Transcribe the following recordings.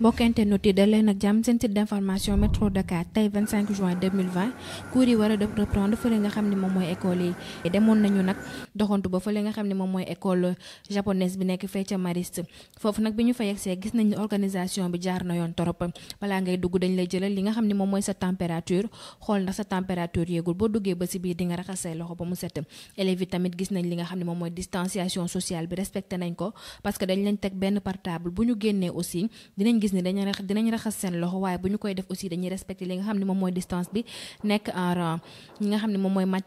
mbokk internet yi da leen ak jàmm seen d'information métro Dakar tey juin 2020 cours yi a reprendre fële nga xam ne moom mooy école yi demoon nañu nag doxantu ba fële nga xam ne moom mooy école japonaise bi nekk fee ca Mariste foofu nag bi ñu fa yegsee gis nañu organisation bi jaar na yoon torop balaa ngay dugg dañ lay jëlal li nga xam ne moom mooy sa température xool ndax sa température yéegul boo duggee ba si biir di nga raxas say loxo ba mu set élèves yi tamit gis nañ li nga xam ne moom mooy distanciation sociale bi respecté nañ ko parce que dañ leen teg gis ni dañu rax dinañ raxas seen loxo waaye bu ñu koy def aussi dañuy respecté li nga xam ne moom mooy distance bi nekk en nga xam ne moom mooy na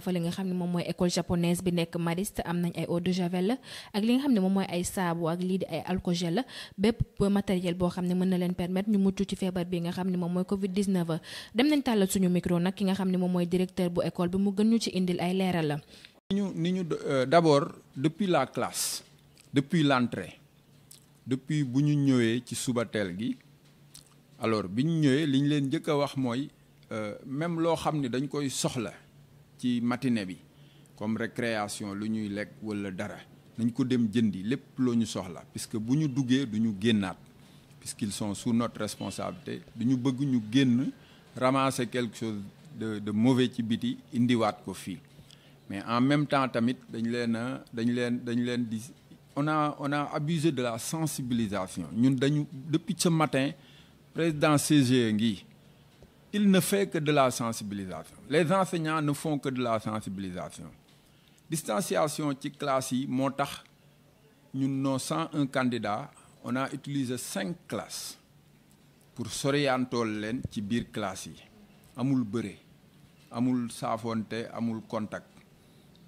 fa li nga xam école japonaise bi nekk Mariste am nañ ay eau de javel ak li nga xam ne moom mooy ay saabu ak lii di ay alcogel la bépp matériel boo xam ne mën na leen permettre ñu mucc ci feebar bi nga xam ne moom mooy Covid 19 dem nañ tàllal suñu micro nag ki nga xam ne moom mooy directeur bu école bi mu gën ñu ci indil ay leeral euh, depuis bu ñu ci alors nous ñëwé liñ leen euh, même dañ koy soxla ci matinée comme récréation lu ñuy lek wala dara nañ dem jëndi ñu puisque puisqu'ils sont sous notre responsabilité bëgg ñu ramasser quelque chose de de mauvais ci biti ko fi mais en même temps tamit dañ on a abusé de la sensibilisation depuis ce matin président CGE il ne fait que de la sensibilisation les enseignants ne font que de la sensibilisation distanciation ci classe yi nous, avons un candidat, on a utilisé cinq classes pour s'orienter leen ci biir classe amul amul contact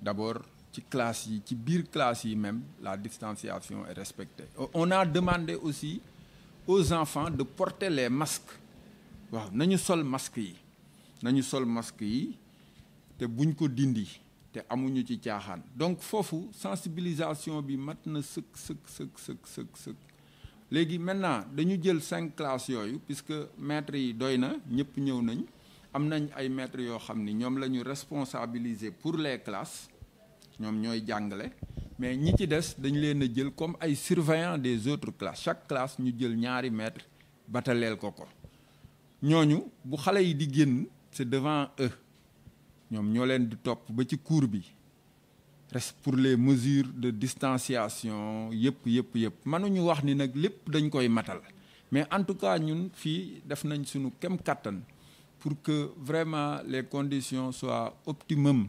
d'abord qui classe qui ci classe même la distanciation est respectée on a demandé aussi aux enfants de porter les masques waaw nañu sol masque yi nañu sol te buñ dindi te ci donc sensibilisation bi maintenant nous 5 classes Puisque puisque maîtres yi doyna, am maîtres responsabiliser pour les classes ñom ñoy jàngalé mais ñi ci dess dañ leen jël comme ay surveillant des autres classes chaque classe ñu jël ñaari maître batalel ko ko ñooñu bu xalé yi di génn c'est devant eux ñom ñoo leen di top ba ci cour bi reste pour les mesures de distanciation yépp yépp manu ñu wax ni nag lépp dañ koy matal mais en tout cas ñun fii def nañ suñu kem kattan pour que vraiment les conditions soient optimum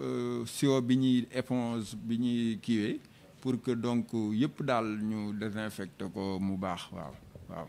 Euh, siwo bi ñuy éponge bi ñuy pour que donc yépp dal ñu désinfecté ko mu baax waaw waaw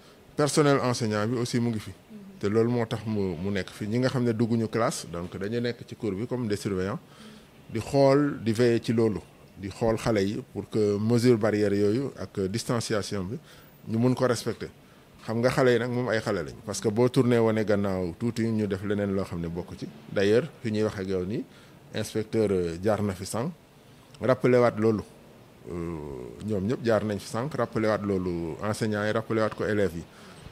personnel enseignant bi aussi mu ngi fi te loolu moo tax mu mu nekk fi ñi nga xam ne dugguñu classe donc dañu nekk ci cour bi comme des surveillants di xool di veiller ci loolu di xool xale yi pour que mesure barrière yooyu ak distanciation bi ñu mun ko respecter xam nga xale yi nag moom ay xale lañ parce que boo tourner wane gannaaw tuuti ñu def leneen loo xam ne bokk ci d'ailleurs fi ñuy wax ak yow nii inspecteur euh, jaar na fi sànq rappelé waat loolu euh, ñoom ñëpp jaar nañ fi sànq rappelé waat loolu enseignant yi rappelé waat ko élèves yi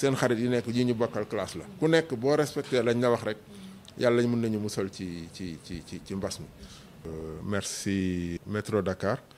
seen xarit yi nekk ji ñu bokkal classe la ku nekk boo respecté lañ la wax rek yàlla mën nañu musal ci ci ci ci ci mbas mi euh, merci métro Dakar